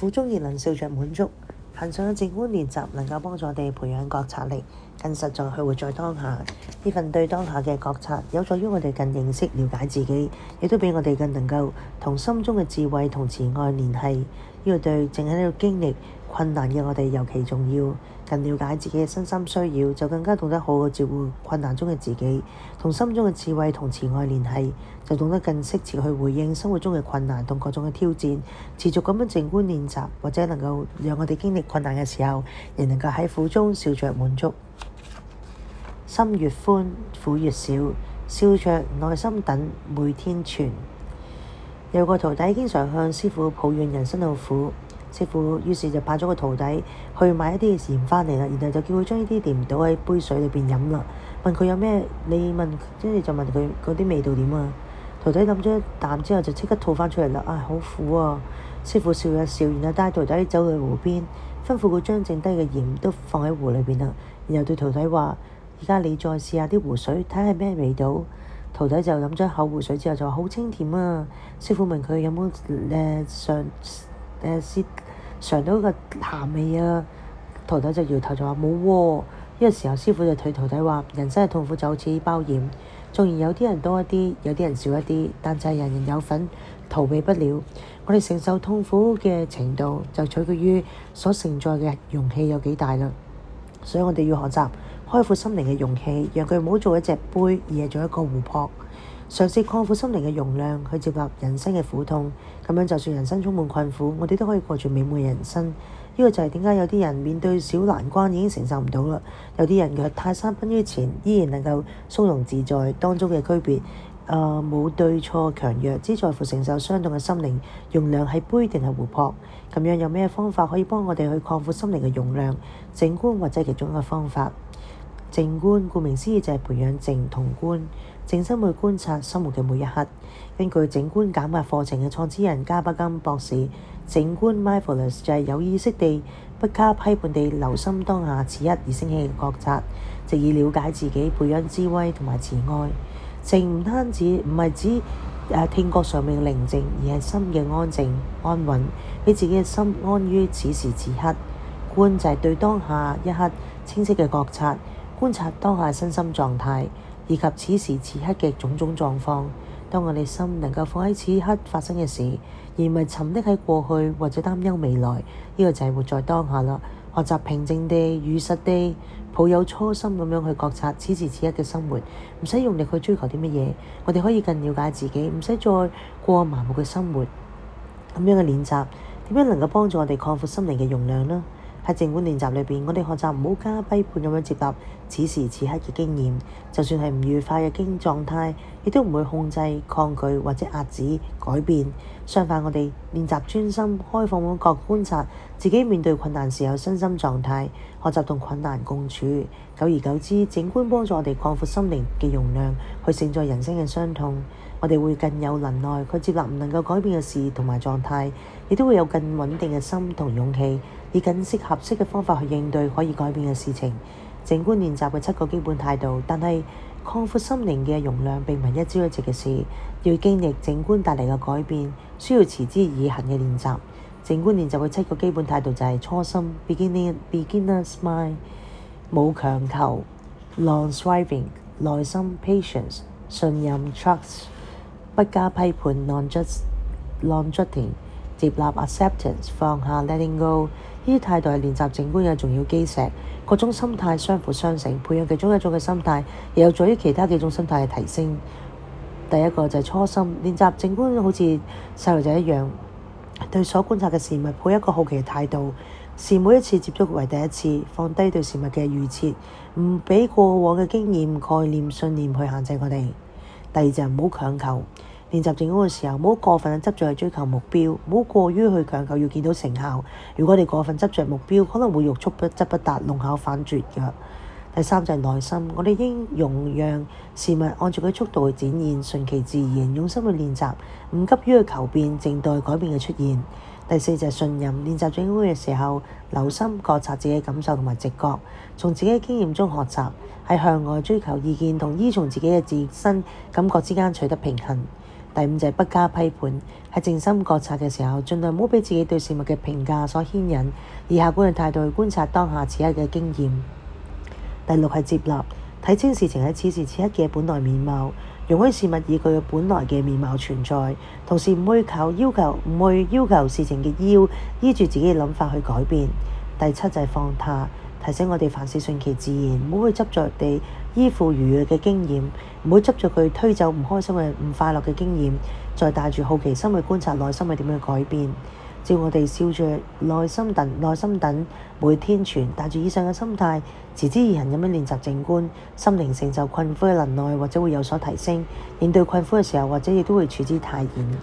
苦中亦能笑着滿足，行上嘅靜觀練習能夠幫助我哋培養覺察力，更實在去活在當下。呢份對當下嘅覺察，有助於我哋更認識了解自己，亦都俾我哋更能夠同心中嘅智慧同慈愛聯繫，呢個對正喺度經歷困難嘅我哋尤其重要。更了解自己嘅身心需要，就更加懂得好好照顧困難中嘅自己，同心中嘅智慧同慈愛聯繫，就懂得更適切去回應生活中嘅困難同各種嘅挑戰，持續咁樣靜觀練習，或者能夠讓我哋經歷困難嘅時候，仍能夠喺苦中笑着滿足。心越寬苦越少，笑着耐心等，每天存。有個徒弟經常向師傅抱怨人生路苦。師傅於是就派咗個徒弟去買一啲鹽翻嚟啦，然後就叫佢將呢啲鹽倒喺杯水裏邊飲啦。問佢有咩？你問，跟住就問佢嗰啲味道點啊？徒弟飲咗一啖之後就即刻吐翻出嚟啦。啊、哎，好苦啊！師傅笑一笑，然後帶徒弟走去湖邊，吩咐佢將剩低嘅鹽都放喺湖裏邊啦。然後對徒弟話：而家你再試下啲湖水，睇下咩味道。徒弟就飲咗一口湖水之後就話：好清甜啊！師傅問佢有冇誒、呃、上？呃上呃誒試到個鹹味啊，徒弟就搖頭就話冇喎。呢個時候師傅就對徒弟話：人生嘅痛苦就好似包鹽，縱然有啲人多一啲，有啲人少一啲，但就係人人有份，逃避不了。我哋承受痛苦嘅程度就取決於所承載嘅容器有幾大啦。所以我哋要學習開闊心靈嘅容器，讓佢唔好做一隻杯，而係做一個湖泊。嘗試擴闊心靈嘅容量去接納人生嘅苦痛，咁樣就算人生充滿困苦，我哋都可以過住美滿人生。呢個就係點解有啲人面對小難關已經承受唔到啦，有啲人卻泰山崩於前依然能夠從容自在，當中嘅區別啊，冇、呃、對錯強弱，只在乎承受相對嘅心靈容量係杯定係湖泊。咁樣有咩方法可以幫我哋去擴闊心靈嘅容量？靜觀或者其中一個方法。靜觀，顧名思義就係、是、培養靜同觀。靜心去觀察生活嘅每一刻。根據靜觀減壓課程嘅創始人卡巴金博士，靜觀 mindfulness 就係有意識地不加批判地留心當下此一而升起嘅覺察，直以了解自己、培養智慧同埋慈愛。靜唔單止唔係指誒聽覺上面嘅寧靜，而係心嘅安靜安穩，俾自己嘅心安於此時此刻。觀就係對當下一刻清晰嘅覺察。觀察當下身心狀態，以及此時此刻嘅種種狀況。當我哋心能夠放喺此刻發生嘅事，而唔係沉溺喺過去或者擔憂未來，呢個就係活在當下啦。學習平靜地、如實地抱有初心咁樣去覺察此時此刻嘅生活，唔使用力去追求啲乜嘢，我哋可以更了解自己，唔使再過麻木嘅生活。咁樣嘅練習，點樣能夠幫助我哋擴闊心靈嘅容量呢？喺靜觀練習裏邊，我哋學習唔好加批判咁樣接納此時此刻嘅經驗，就算係唔愉快嘅經驗狀態，亦都唔會控制、抗拒或者壓止改變。相反，我哋練習專心開放咁覺觀察自己面對困難時有身心狀態，學習同困難共處。久而久之，靜觀幫助我哋擴闊心靈嘅容量，去承載人生嘅傷痛。我哋會更有能耐去接納唔能夠改變嘅事同埋狀態，亦都會有更穩定嘅心同勇氣。以更適合適嘅方法去應對可以改變嘅事情。靜觀練習嘅七個基本態度，但係擴闊心靈嘅容量並唔係一朝一夕嘅事，要經歷靜觀帶嚟嘅改變，需要持之以恒嘅練習。靜觀練習嘅七個基本態度就係初心 beginning beginner's mind 冇強求 non-striving 耐心 （patience），信任 （trust），不加批判 non-judging non-judging 接納、acceptance，放下、letting go，呢啲態度係練習正觀嘅重要基石。各種心態相輔相成，培養其中一種嘅心態，亦有助於其他幾種心態嘅提升。第一個就係初心，練習正觀好似細路仔一樣，對所觀察嘅事物抱一個好奇嘅態度，視每一次接觸為第一次，放低對事物嘅預設，唔俾過往嘅經驗、概念、信念去限制我哋。第二就係唔好強求。練習正功嘅時候，唔好過分嘅執着去追求目標，唔好過於去強求要見到成效。如果你過分執着目標，可能會欲速不則不達，弄巧反拙㗎。第三就係耐心，我哋應容讓事物按照佢速度去展現，順其自然，用心去練習，唔急於去求變，靜待改變嘅出現。第四就係信任。練習正功嘅時候，留心覺察自己嘅感受同埋直覺，從自己嘅經驗中學習，喺向外追求意見同依從自己嘅自身感覺之間取得平衡。第五就係不加批判，喺靜心覺察嘅時候，盡量唔好俾自己對事物嘅評價所牽引，以客觀嘅態度去觀察當下此刻嘅經驗。第六係接納，睇清事情喺此時此刻嘅本來面貌，容許事物以佢嘅本來嘅面貌存在，同時唔會靠要求，唔會要求事情嘅要依住自己嘅諗法去改變。第七就係放下，提醒我哋凡事順其自然，唔好去執着地。依附愉悅嘅經驗，唔好執着佢推走唔開心嘅、唔快樂嘅經驗，再帶住好奇心去觀察內心係點樣改變，照我哋笑住「耐心等、耐心等，每天存帶住以上嘅心態，持之以恆咁樣練習靜觀，心靈承受困苦嘅能耐或者會有所提升，面對困苦嘅時候，或者亦都會處之泰然。